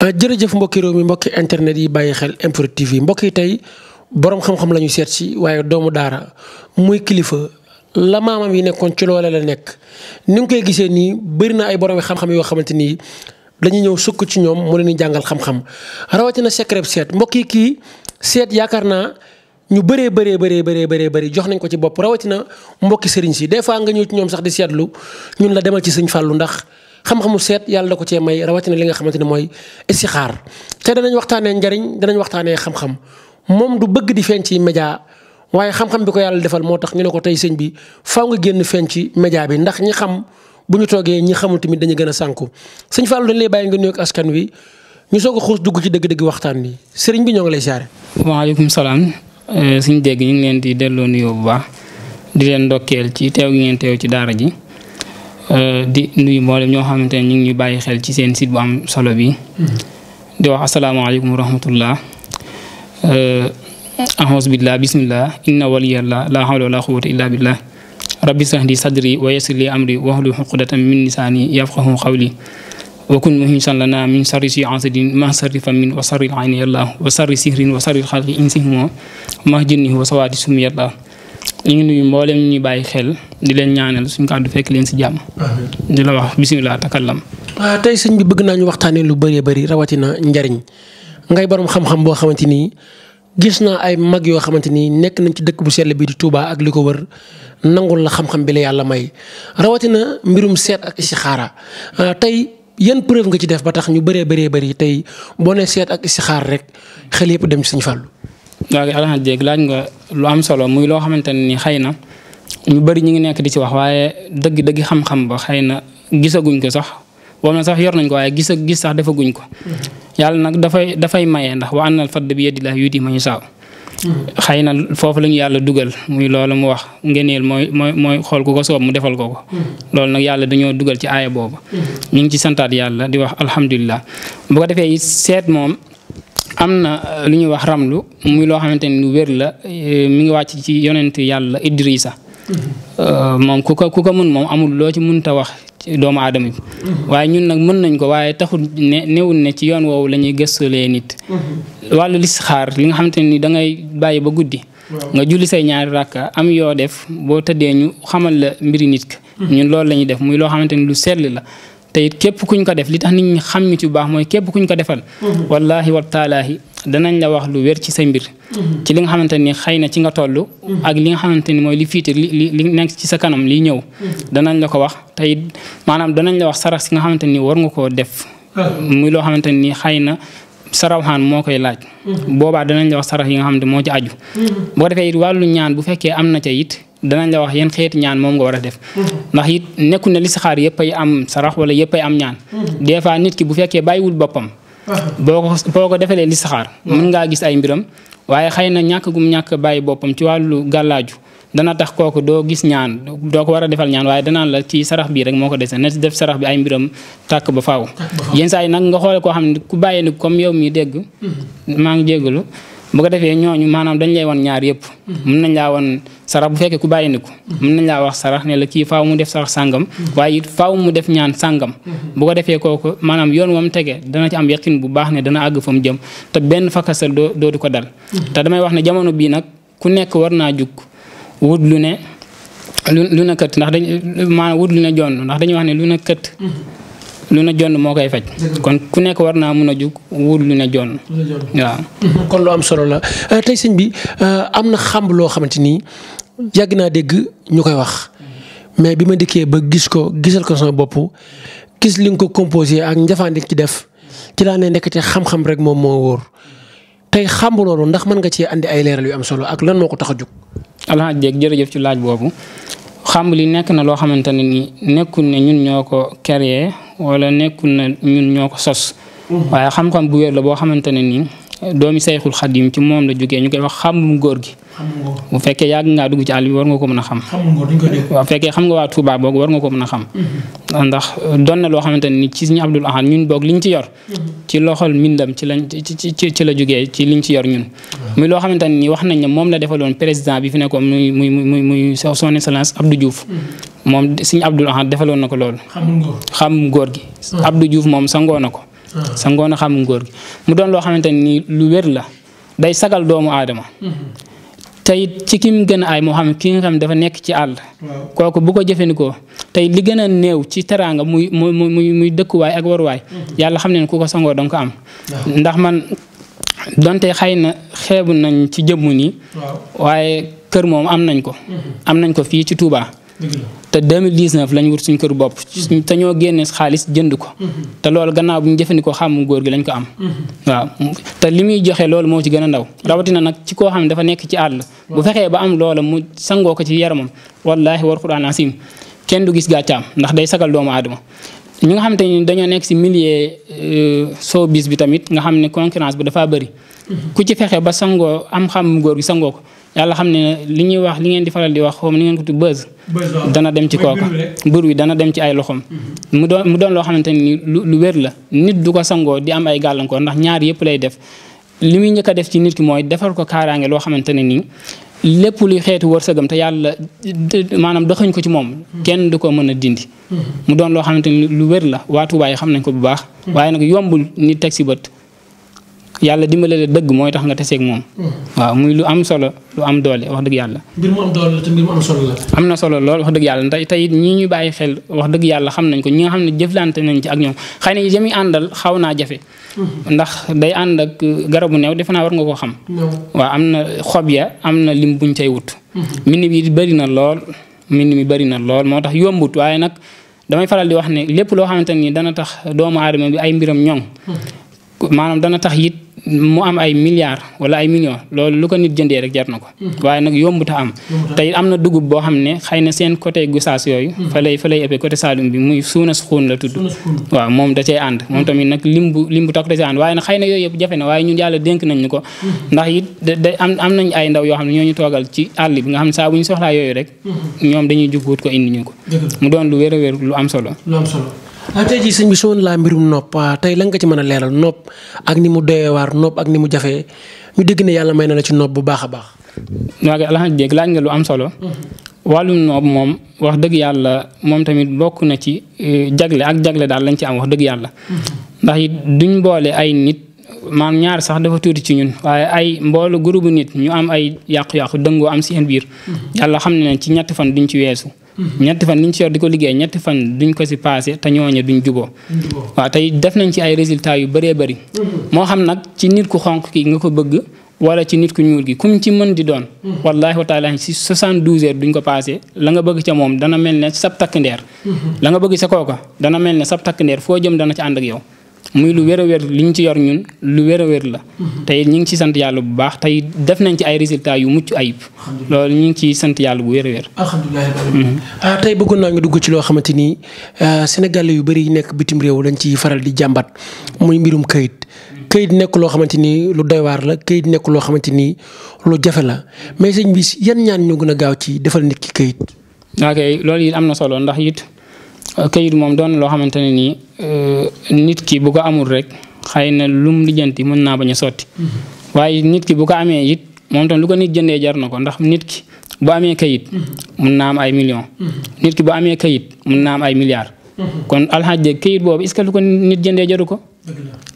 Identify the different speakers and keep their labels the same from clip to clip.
Speaker 1: Euh, jërëjëf mbokki réew mi mbokki internet yi bàyyi xel MPROD TV mbokk yi tey borom xam-xam la ñu seet si waaye doomu daara muy kilifa la maamam yi nekkoon ci loole la nekk ni nga koy gisee nii bëri na ay borom xam-xam yoo xamante ni dañuy ñëw sukk ci ñoom mu leen di jàngal xam-xam rawatina secret seet mbokk yi kii seet yaakaar naa ñu bëree bëree bëree bëree bëree bëri jox nañ ko ci bopp rawatina mbokki sëriñ si des fois nga ñëw ci ñoom sax di seetlu ñun la demal ci sëñ Fallou ndax. xam-xamu seet yàlla ko cee may rawatina li nga xamante ne mooy istixaar te danañ waxtaanee njariñ danañ waxtaanee xam-xam moom du bëgg di feeñ ci média waaye xam-xam bi ko yàlla defal moo tax ñu ne ko tey sëñ bi faaw nga génn feeñ ci média bi ndax ñi xam bu ñu toogee ñi xamul tamit dañu gën a sànku sëñ Fallou dañ lee bàyyi nga nuyoog askan wi ñu soog a xuus dugg ci dëgg-dëgg waxtaan bi sëriñ bi ñoo ngi lay siyaare.
Speaker 2: waaleykum salaam eh, suñu dégg ñu ngi leen di delloo nuyoo bu baax di leen ndokkeel ci teew gi ngeen teew ci daara ji Euh, di nuyu mboolem ñoo xamante ne ñu ngi xel ci seen site am solo bi mm-hmm. di wax asalaamaaleykum wa rahmatullah euh, ahos billah bismillah inna waliyallah la hawla wala quwwata illa billah rabbi sahdi sadri wa yassir li amri wahlul uqdatan min lisaani yafqahu qawli wa kun muhimsan min sarri si ansadin ma sarri famin wa sarri alayni sihrin wa sarri xalqi insihimo ma jënni wa sawaati sumi ñu ngi nuyu mboolem ñu bàyyi xel di leen ñaanal suñu kàddu fekk leen si jàmm. di la wax bisimilah takallam.
Speaker 1: waaw ah, tey sëñ bi bëgg naa ñu waxtaanee lu bëree bëri rawatina njariñ ngay borom xam-xam boo xamante ni gis naa ay mag yoo xamante ni nekk nañ ci dëkk bu sell bii di Touba ak li ko wër nangul la xam-xam bi la yàlla may rawatina mbirum seet ak istixaara ah, tey yan preuve nga ci def ba tax ñu bëree bëree bëri tey boo nee seet ak istixaar rek xel yëpp dem ci
Speaker 2: waaw alhamdulilah jéeg laaj solo muy loo xamante ne ni xëy na ñu bari ñu ngi nekk di ci wax waaye dëgg dëgg xam ba xëy na gisaguñ ko sax boobu na sax yor nañ ko waaye gis gis sax defaguñ ko. yàlla nag dafay dafay maye ndax wa annal fadla bi yadillah yuti ma ñu saaw. na foofu la yàlla dugal muy loolu mu wax ngëneel mooy mooy mooy xool ku ko soob mu defal ko ko. dañoo dugal ci aaya boobu. wax alhamdulilah bu ko defee seet moom am na lu ñu wax ramlu muy loo xamante ni lu wér la eh, mu ngi wàcc ci yonent yàlla Idrissa euh, moom ku ko ku ko mën moom amul loo ci munta wax doomu aadama bi waaye ñun nag mën nañ ko waaye taxul ne newul ne ci yoon woowu lañuy ñuy gëstulee nit wàllu listixaar li nga xamante ni dangay bàyyi ba guddi nga julli say ñaari rakka am yoo def boo tëddee ñu xamal la mbiri nit ka hmm. ñun loolu lañuy def muy loo xamante ni lu sell la te it képp kuñ ko def li tax nit ñi xam ñu ci baax mooy képp kuñ ko defal mm-hmm. wallaahi wa danañ la wax lu wér ci sa mbir mm-hmm. ci li nga xamante ni xëy na ci nga toll mm-hmm. ak li nga xamante ni mooy li fiite li li nekk ci sa kanam li ñëw danañ la ko wax te maanaam danañ la wax sarax si nga xamante ni war nga koo def ah. muy loo xamante ni xëy na sarawxaan moo koy laaj boobaa danañ la wax sarax yi nga xam moo ci aju boo defee it wàllu ñaan bu fekkee am na ca it danañ la wax yéen xeeti ñaan moom nga war a def mm-hmm. ndax it nekku ne li saxaar yëpp ay am sarax wala yëpp ay am ñaan mm-hmm. des fois nit ki bu fekkee bàyyiwul boppam uh-huh. boo ko boo ko defalee li saxaar mm-hmm. mën ngaa gis ay mbiram waaye xëy na ñàkk gum ñàkk bàyyi boppam ci wàllu gàllaaju dana tax kooku doo gis ñaan doo ko war a defal ñaan waaye danaan la ci sarax bii rek moo ko dese na ci def sarax bi ay mbiram tàkk ba faaw yenn saa yi nag nga xoole koo xam ne ku bàyyee ni comme yow mi dégg maa ngi jégalu bu ko defee ñooñu maanaam dañ lay wan ñaar yëpp mm-hmm. mën nañ laa wan sarax bu fekkee ku bàyyi ni ko mm-hmm. mën nañ laa wax sarax ne la kii faaw mu def sarax sàngam mm-hmm. waaye it faaw mu def ñaan sàngam bu ko defee kooku maanaam yoon wam tege dana ci am yaqin bu baax ne dana àgg fa jëm te benn fakka fakasal doo dootu ko dal te damay wax ne jamono bii nag ku nekk war naa jug wut lu ne lu lu na kët ndax dañ maanaam wut lu ne jonn ndax dañuy wax ne lu na kët lu ne jonn moo koy faj. kon ku nekk war naa mun a jug wut lu ne jonn.
Speaker 1: waaw. Mhm. kon lu am solo la euh, tey sëñ bi euh, am na xamb loo xamante ni yàgg naa dégg ñu koy wax mais bi ma dikkee ba gis ko gisal ko sama bopp gis li nga ko composé ak njafaan ci def ci laa ne ndekete xam-xam rek moom moo wóor tey xamb loolu ndax mën nga cee andi ay leeral yu am solo ak lan moo ko tax a jug.
Speaker 2: alhamdulilah jërëjëf ci laaj boobu xamb li nekk na loo xamante ne ni nekkul ne ñun ko créer wala nekkul ne ñun ñoo ko sos mm-hmm. waaye xam-xam bu wér la boo xamante ne nii doomi sayxul xadim ci moom la jógee ñu koy wax xamum góor gi bu fekkee yàgg ngaa dugg ci àll bi war nga ko mën a xam waaw fekkee xam nga waa Touba boog war nga ko mën a xam mm-hmm. ndax doon na loo xamante ni ci suñu ci yor mm-hmm. ci ci ci ci la ci liñ ci yor ñun muy loo xamante ni wax nañ ne moom la defaloon président bi fi nekkoon muy muy muy muy son excellence Abdou Diouf
Speaker 1: mm-hmm.
Speaker 2: moom suñu Abdul Ahad defaloon na ko loolu xam góor gi Abdou Diouf moom sangoo na ko sa ngoon a xam ngóor gi mu doon loo xamante ni lu wér la day sagal doomu aadama tey ci ki mu gën a aay moo xam ki nga xam dafa nekk ci àll kooku bu ko jëfandikoo tey li gën a néew ci teraanga muy muy muy muy dëkkuwaay ak waruwaay mhm. yàlla xam ne ku ko sangoo danga ko am ndax man donte xëy na xeebu nañ ci jëmm nii waaye kër moom am nañ ko mhm. am nañ ko fii ci Touba te 2019 lañ wut suñ kër bopp mm-hmm. te ñoo génne xaalis jënd ko mm-hmm. te loolu gannaaw bu ñu jëfandikoo mu góor gi lañ ko am mm-hmm. waaw te li muy joxe loolu moo ci gën a ndaw rawatina nag ci koo xam ne dafa nekk ci àll bu fexee ba am loola mu sangoo ko ci yaramam wallaahi war quraan asim kenn du gis gàccaam ndax day sagal doomu aadama ñi nga xam te ni nekk si millier euh, soo bis bi tamit nga xam ne concurrence bi dafa bëri ku ci fexe ba sangoo am xàmmu góor gi sangoo ko yàlla xam ne li ñuy wax li ngeen di faral di wax xaw ma ngeen ko tudd buzz dana dem ci kooka bur dana dem ci ay loxoom mm-hmm. mu doon mu doon loo xamante ni lu lu wér la nit du ko sangoo di am ay gàllankoor ndax ñaar yëpp lay def li muy njëkk def ci nit mooy defal ko kaaraange loo xamante ne nii lépp luy xeetu wërsëgam te yàlla mm-hmm. mm-hmm. lu wér la waa Tuubaa yi xam nañ ko bu baax waaye nag yombul nit teg si bët yàlla dimbale la dëgg mooy tax nga taseeg moom. Hmm. waaw muy lu am solo lu am doole wax dëgg yàlla.
Speaker 1: mbir mu am doole la te mbir mu am solo la.
Speaker 2: am na solo lool wax dëgg yàlla tey tey ñi ñu bàyyi xel wax dëgg yàlla xam nañ ko ñi nga xam ne jëflante nañ ci ak ñoom xëy na jëmi àndal xaw naa jafe. Hmm. ndax day ànd ak garabu neew defe naa war nga koo xam. waaw am na xob ya am na lim buñ cay wut. mbind hmm. bi bëri na lool mbind mi bëri na lool moo tax yombut waaye nag damay faral di wax ne lépp loo xamante ni dana tax aadama bi ay mbiram ñoŋ dana tax it mu am ay milliards wala ay millions loolu lu ko nit jëndee rek jar na ko. Hmm. waaye nag yombuta am. tey am na dugub boo xam ne xëy na seen côté Gossas yooyu. Hmm. fa lay fa lay ëppee côté Saloum bi muy suuna xuun la tudd. waaw moom da cee ànd moom hmm. tamit nag lim bu lim bu toog da cee ànd waaye nag na yooyu yëpp jafe na waaye ñun yàlla dénk nañ ñu ko. ndax it da am am nañ ay ndaw yoo xam ne ñoo ñu toogal ci àll bi nga xam ne saa ñu soxlaa yooyu rek. ñoom dañuy jug ko indi ñu ko. mu doon lu wér a wér lu
Speaker 1: waaw ah, tey jii sëñ bi su laa mbirum nopp ah, tey lan nga ci mën a leeral nopp ak ni mu doyee waar nopp ak ni mu jafee ñu dégg ne yàlla may na la ci nopp bu baax a baax.
Speaker 2: waaw alhamdulilah laaj nga lu am solo. Mm-hmm. wàllum noob moom wax dëgg yàlla moom tamit bokk na ci eh, jagle ak jagle daal lañ ci am wax dëgg yàlla. Mm-hmm. it duñ boole ay nit maam ñaar sax dafa tuuti ci ñun waaye ay mboolu groupe nit ñu am ay yàqu-yàqu dëngoo am seen biir. Mm-hmm. yàlla xam ne ci ñett fan duñ ci weesu. Mm-hmm. ñetti fan liñ ci yor di ko liggéey ñetti fan duñ ko si passé te ñooñu duñ juboo waaw tey def nañ ci ay résultat yu bëree bëri mm-hmm. moo xam nag ci nit ku xonq ki nga ko bëgg wala ci nit ku ñuul gi kum ci mën di doon mm-hmm. wallaahi wa taala si 72 heures duñ ko passé la nga bëgg ca moom dana mel ne sab takk ndeer la nga bëgg sa kooka dana mel ne sab takk ndeer foo jëm dana ca ànd ak yow muy lu wér a wér li ñu ci yor ñun lu wér a wér la mhm. tey ñu ngi ci sant yàlla bu baax tey def nañ ci ay résultats yu mucc ayib loolu ñu ngi ci
Speaker 1: sant yàlla bu wér a wér mhm. ah, tey bëggoon naa nga dugg ci loo xamante ni ah, sénégalais yu bari yi nekk bitim réew lañ ci faral di jàmbat muy mbirum këyit këyit nekk loo xamante ni lu doy la këyit nekk loo xamante ni lu jafe la mais sëñ bi yan ñaan ñoo gën a gaaw ci defal nit ki këyit
Speaker 2: ok loolu it am na solo ndax it kayit moom doon na loo xamante ne nii euh, nit ki bu ko amul rek xëy na lum lijjanti mën naa bañ a sotti mm-hmm. waaye nit ki bu ko amee it moom tam lu ko nit jëndee jar na ko ndax nit ki bu amee kayit mun mm-hmm. naa am ay millions mm-hmm. nit ki bu amee kayit mun naa am ay milliards kon alxaaj kayit boobu est que lu ko nit jëndee jaru ko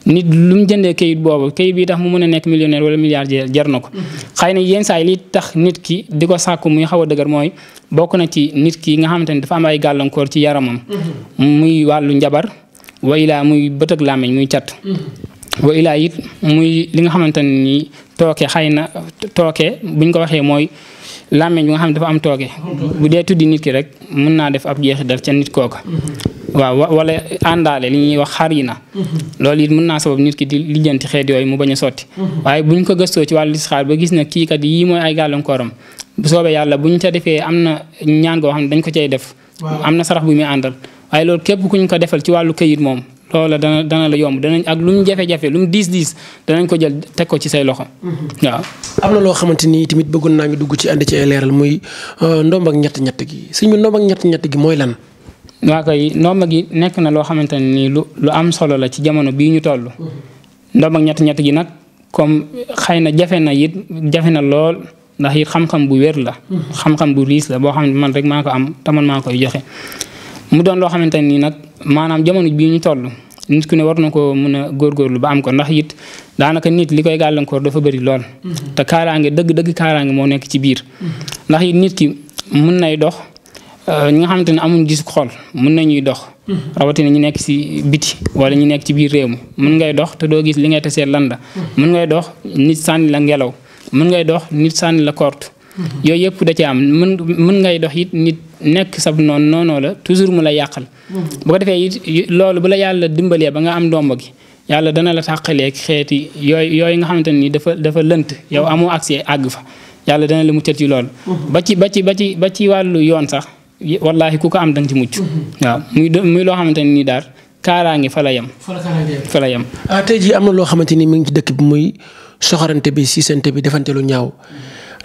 Speaker 2: nit lu mu jëndee kayit boobu kayit bi tax mu mën a nekk millionnaire wala milliardaire jar na ko mm-hmm. xëy na yenn saa yi li tax nit ki di ko sàkku muy xaw a dëgër mooy bokk na ci nit ki nga xamante ni dafa am ay gàllankoor ci yaramam mm-hmm. wàllu njabar wa muy bëtëg làmmiñ muy cat mm-hmm. wa it muy li nga xamante ni tooke xëy na tooke buñ ko waxee mooy làmmiñ bi nga xam ne dafa am tooke bu dee tuddi nit ki rek mën naa def ab jeexital ca nit kooka waaw wala àndaale li ñuy wax yi na mm-hmm. lool it mën naa sabab nit ki di lijjanti xeet yooyu mu bañ a sotti mm-hmm. waaye bu buñ ko gëstoo ci wàllu listixaar ba gis na kii kat yii ay gàllankooram bu soobee yàlla buñ ca defee am na ñaan goo xam dañ ko cay def am na sarax bu muy àndal waaye loolu képp kuñ ko defal ci wàllu këyit moom loola dana dana la yomb danañ ak lu mu jafe-jafe lu mu diis diis danañ ko
Speaker 1: jël teg ko ci say loxo. Mm-hmm. waaw am na loo xamante ni tamit bëggoon naa ngi dugg ci ànd ci ay leeral muy euh, ndomb ak ñett ñett gi su ndomb ak ñett ñett gi mooy lan. waa koy ndomba gi
Speaker 2: nekk na loo xamante nii lu lu am solo la ci jamono bii ñu toll. ndomba ak ñett-ñett gi nag comme xëy na jafe na it jafe na lool ndax it xam-xam bu wér la. xam-xam bu riis la boo xam ne man rek maa ko am te man koy joxe. mu doon loo xamante ne nii nag maanaam jamono bii ñu toll nit ki ne war na ko mën a góorgóorlu ba am ko ndax it daanaka nit li koy gàllankoor dafa bëri lool. Mm-hmm. te kaaraange dëgg dëgg kaaraange moo nekk ci biir. Mm-hmm. ndax it nit ki mën nay dox. Euh, ñi nga xamante ne amuñ gis xol mën nañuy dox. Mhm. rawatina ñu nekk si biti wala ñu nekk ci biir réew mi mën ngay dox te doo gis li ngay tesee lan la. Mhm. mën ngay dox nit sànni la ngelaw mën ngay dox nit sànni la korte. Mhm. yooyu yëpp da ci am mën mën ngay dox it nit nekk sab noonu noonoo la toujours mu la yàqal. bu ko defee it loolu bu la yàlla dimbalee ba nga am ndomba gi yàlla dana la tàqaleeg xeeti yooyu yooyu nga xamante ni dafa dafa lënt yow amu accès àgg fa yàlla dana la mu ci loolu. wallaahi ku ko am da nga ci mucc. Mhm. waaw muy muy loo xamante ne nii daal kaaraange fa la yem. fa la yem
Speaker 1: ah, tey jii am na loo xamante ni mu ngi ci dëkk bi muy soxorante bi siisante bi defante lu ñaaw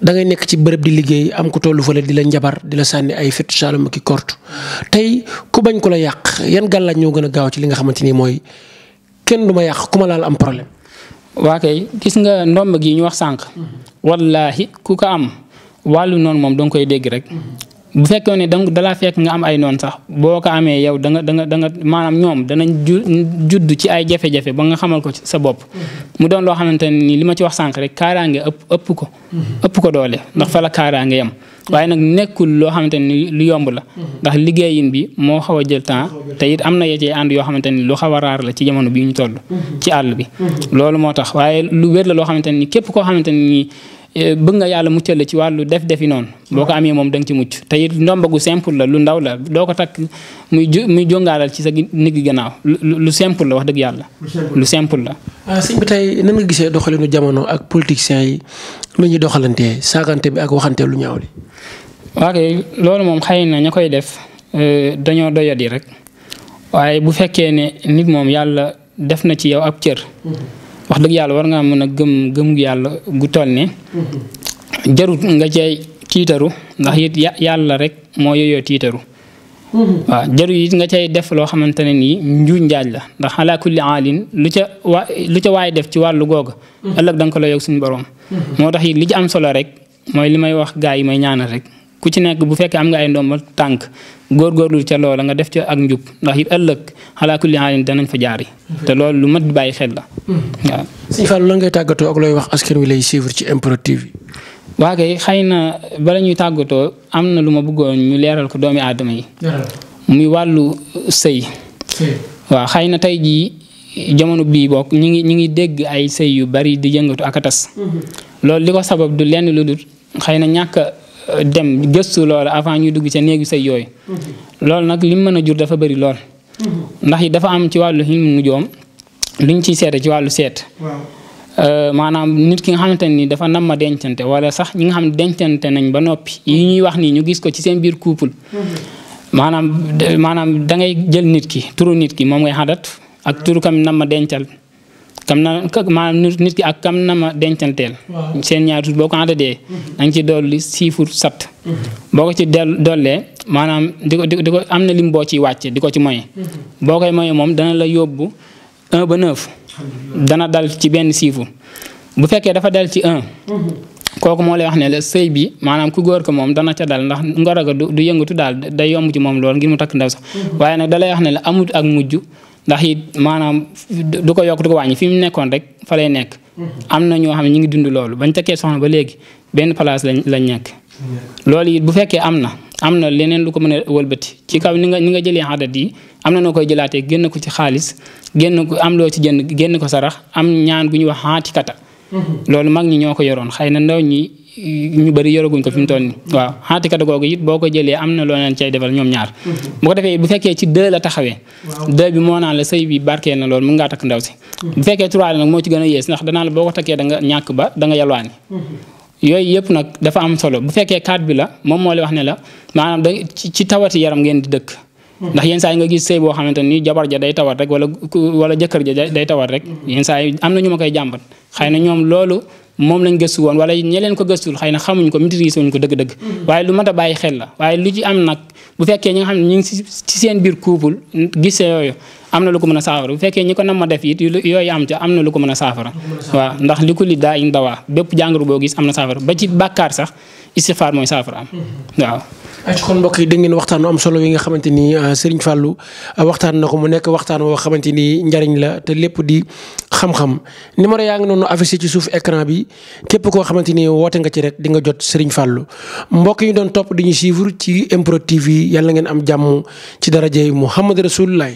Speaker 1: dangay nekk ci bërëb di liggéey am ko tollu fële di la njabar di la sànni ay fett saalum ki kort tey ku bañ ko la yàq yan gàllaaj ñoo gën a gaaw ci li nga xamante ni mooy kenn du ma yàq ku ma laal am problème. waa kay
Speaker 2: gis nga ndomb gi ñu wax sànq. Mhm. wallaahi ku ko am wàllu noonu moom danga koy dégg rek mhm. bu fekkoon ne danga dalaa fekk nga am ay noon sax boo ko amee yow da nga da da nga maanaam ñoom danañ ju judd ci ay jafe-jafe ba nga xamal ko sa bopp mu doon loo xamante ne nii li ma ci wax sànq rek kaaraange ëpp ëpp ko ëpp ko doole ndax fa la kaaraange yem waaye nag nekkul loo xamante ni lu yomb la ndax liggéeyin bi moo xaw a jël temps te am na yecee ànd yoo xamante ni lu xaw a raar la ci jamono bi ñu toll ci àll bi loolu moo tax waaye lu wér la loo xamante ni képp koo xamante ni Eh, bëgg nga yàlla muccal la ci wàllu def defi noonu boo ko mm-hmm. amee moom da nga ci mucc te it ndomba gu simple la lu ndaw la doo ko takk muy ju muy jóngaalal ci sa nigg gannaaw lu simple la wax dëgg yàlla lu simple la
Speaker 1: ah, sëñ bi gisee doxalinu jamono ak politiciens yi lu ñuy doxalantee saagante bi ak waxantee lu ñaaw li
Speaker 2: waa kay loolu moom xay na ña koy def eh, dañoo doyadi rek waaye bu fekkee ne nit moom yàlla def na ci yow ab cër mm-hmm. wax dëgg yàlla war ngaa mën a gëm gëm yàlla gu toll ne jarut nga cay tiitaru ndax it yàlla rek moo yooyoo tiitaru waaw jaru it nga cay def loo xamante ne nii njuuj njaaj la ndax ala kulli aalin lu ca lu ca waay def ci wàllu googa ëllëg da nga ko la yog uhuh. moo tax it li ci am solo rek mooy li may wax gaa yi may ñaanal rek ku ci nekk bu fekkee am nga ay ndomba tànk góorgóorlu ca loola nga def ca ak njub ndax it ëllëg xalaa kulli xaalin danañ fa jaari te loolu lu mat bàyyi xel la.
Speaker 1: Hmm. waaw si Fallou lan ngay tàggatoo ak looy wax askan wi lay suivre ci MPROD TV bi. waa kay na bala ñuy tàggatoo
Speaker 2: am na lu ma bëggoon ñu leeral ko doomi aadama yi. muy wàllu sëy. waaw xëy na tey ji jamono bii bokk ñu ngi ñu ngi dégg ay sëy yu bari di yëngatu ak a tas. Hmm. loolu li ko sabab du lenn lu dul xëy na dem gëstu loolu avant ñuy dugg ca néegi sëy yooyu loolu nag lim mën a jur dafa bëri lool ndax yi dafa am ci wàllu xilmu nujoom luñ ciy seete ci wàllu seet euh, maanaam nit ki nga xamante ni dafa nam ma dencante wala sax ñi nga xam dencante nañ ba noppi yi ñuy wax nii ñu gis ko ci seen biir couple maanaam maanaam da ngay jël nit ki turu nit ki moom ngay xadat ak turu kam nam ma dencal kam na maanaam nit ki ak kam na ma dencanteel. seen ñaari tur boo ko àndadee. Mm-hmm. da nga ci dolli siifur sat. Mm-hmm. boo ko ci del dollee maanaam di ko di ko am na lim boo ci wàccee di ko ci moye.
Speaker 1: Mm-hmm.
Speaker 2: boo koy moye moom dana la yóbbu un ba neuf. dana dal ci benn siifur bu fekkee dafa dal ci un. kooku moo lay wax ne la sëy bi maanaam ku góor ko moom dana ca dal ndax ngoro ga du yëngatu daal day yomb ci moom lool ngir mu takk ndaw sax. waaye nag da lay wax ne la amut ak mujj. ndax it maanaam du ko yokk du ko wàññi fi mu nekkoon rek fa lay nekk. am na ñoo xam ne ñu ngi dund loolu bañ takkee soxna ba léegi benn place lañ lañ nekk. loolu it bu fekkee am na am na leneen lu ko mën a wëlbati ci kaw ni nga ni nga jëlee adat yi am na noo koy jëlaatee génn ko ci xaalis génn ko am loo ci jënd génn ko sarax am ñaan gu ñuy wax xaatikata. Mm-hmm. loolu mag ñi ñoo ko yoroon xëy na ndaw ñi ñu bëri yoraguñ ko fi mu toll nii waaw xaatikata googu it boo ko jëlee am na loo leen cay defal ñoom ñaar mhm. bu ko defee bu fekkee ci deux la taxawee deux bi moo naan la sëy bi barkee na loolu mun ngaa takk ndaw si mhm. bu fekkee trois la nag moo ci gën a yées ndax danaa la boo ko takkee da nga ñàkk ba da nga yalwaani mhm. yooyu yëpp nag dafa am solo bu fekkee quatre bi la moom moo lay wax ne la maanaam da ci tawati yaram ngeen di dëkk ndax yenn saa yi nga gis sëy boo xamante ni moom lañ gëstu woon wala ñe leen ko gëstul xay na xamuñ ko maîtrise wuñ ko dëgg-dëgg waaye lu mat a bàyyi xel la waaye lu ci am nag bu fekkee ñi nga xam ne ñu ngi ci seen biir couple gise yooyu am na lu ko mën a saafara bu fekkee ñi ko nam ma def it yooyu am ca am na lu ko mën a saafara waa ndax li ko li daa in dawaa bépp jàngoro boo gis am na saafara ba ci bàkkaar sax istifaar mooy saafara am mm-hmm.
Speaker 1: waaw ac kon mbokk yi dégg ngeen waxtaan am solo yi nga xamante ni euh, Serigne Fallou euh, waxtaan na ko mu nekk waxtaan woo xamante ni njariñ la te lépp di xam-xam numéro yaa ngi noonu affiché ci suuf ecran bi képp koo xamante ni woote nga ci rek di nga jot Serigne Fallou mbokk yi doon topp di ñu suivre ci MPROD TV yàlla ngeen am jàmm ci darajey Muhammad Rasulullah